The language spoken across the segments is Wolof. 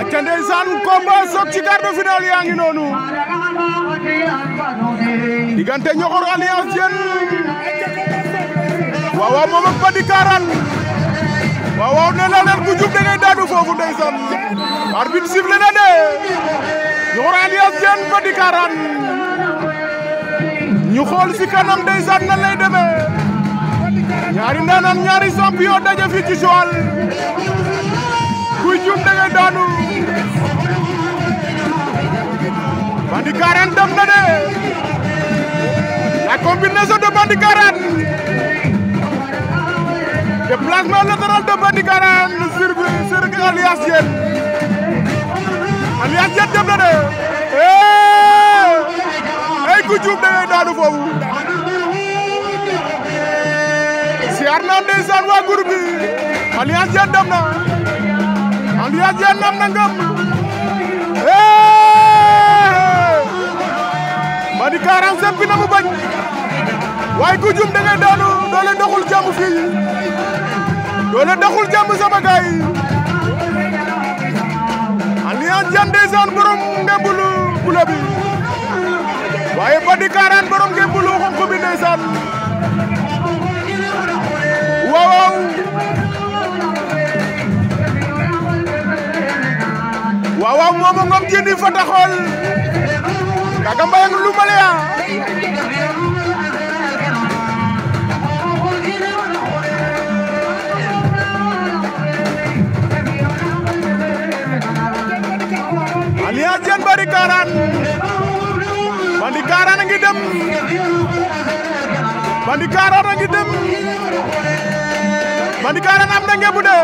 acca ndeysaan combat soog ci quart de yaa ngi noonu diggante Ñoxor Alliance Diène waaw waaw moom ak Badi Karaan waaw waaw nee naa leen ku jub da ngay daanu foofu ndeysaan arbitre sifflé na de Ñoxor Alliance Diène Badi Karaan ñu xool si kanam ndeysaan nan lay demee ñaari ndaanaan ñaari champion daje fii ci ku jum da nga daanu Bandikaran dem na de la combinaison de Bandikaran déplacement latéral de Bandikaran sur sur Alias Diène Alias Diène dem na de eh ay ku jum da ngay daanu foofu siyaar naa ndeysaan waa groupe bi Alias dem na Alliance Diène am na ngëm Mady Kaarang seppi na mu bañ waaye ku jum da ngay daanu doole doxul jàmm fii doole doxul jàmm sama gaay Alliance Diène borom ngembul bula bi waaye Mady Kaarang borom Bouba di génn fa taxol Ngaaka Mbaye ak Lumalea ya. alias Diène Bandi Karane Bandi Karane Mandikara a ngi dem Mandikara am na ngebu de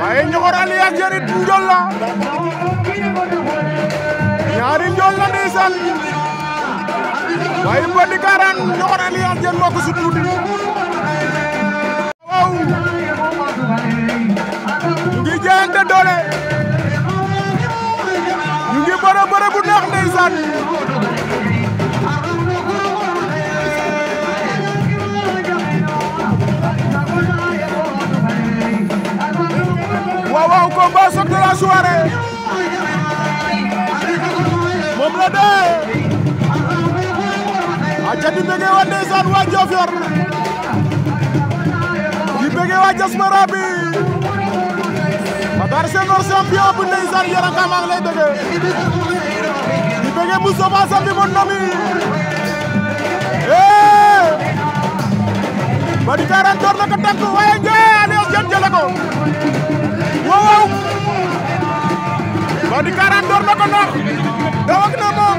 waaye Ñoxor alias Jeri la ñaari njool la ndeysaan waaye Mandikara Ñoxor alias Jeri moo ko sut ngi jeexante doole ñu ngi bëre bëre bu neex la soirée moom la dee aca di bëggee waa ndeysaan waa Diofior di bëggee waa diaspora bi Matar Senghor champion bu ndeysaan Yaranga maa ngi lay bëggee di bëggee Moustapha Sambi mon nomi eh Madi Karan door na ko tànk waaye njee Aliou jël jële ko waaw waaw Sody Karane door ko noor daw ak na moom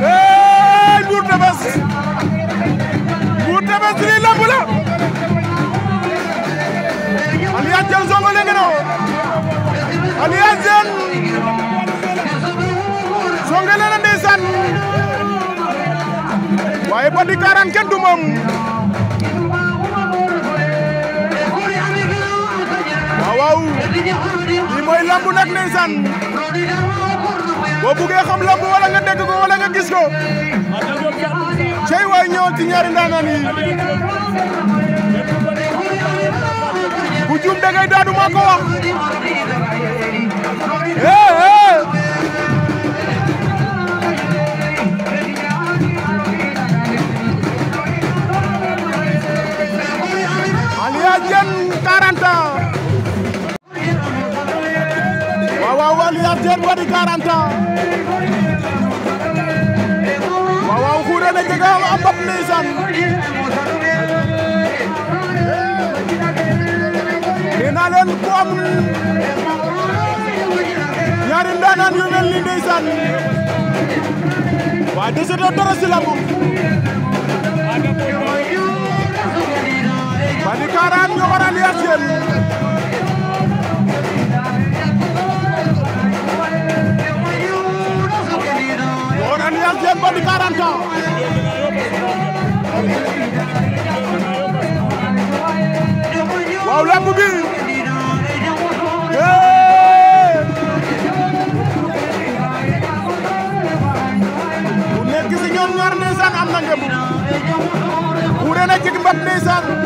hey Mbour Tefess Mbour Tefess lii lamb la Songo léegi na Alliance Diène Songo leen a ndeysaan waaye Sody Karane kenn du moom lamb nag ndeysaan boo buggee xam lamb wala nga dégg ko wala nga gis ko cey waay ñëwal ci ñaari ndaanaan yi bu juum da ngay daanu maa ko wax Aliya Diène Diène Wally 40 ans waaw waaw xuure na jega a mbap ndeysaan nee naa leen ku amul ñaari ndaanaan yu mel ni ndeysaan waa Deseto Torosi la moom Wally 40 ñoo war a liyaas yéen du 40 ans. waaw lamb bi. bu nekk si ñoom ñaar am na ngëm. wuure na ci mbat ndeysaan.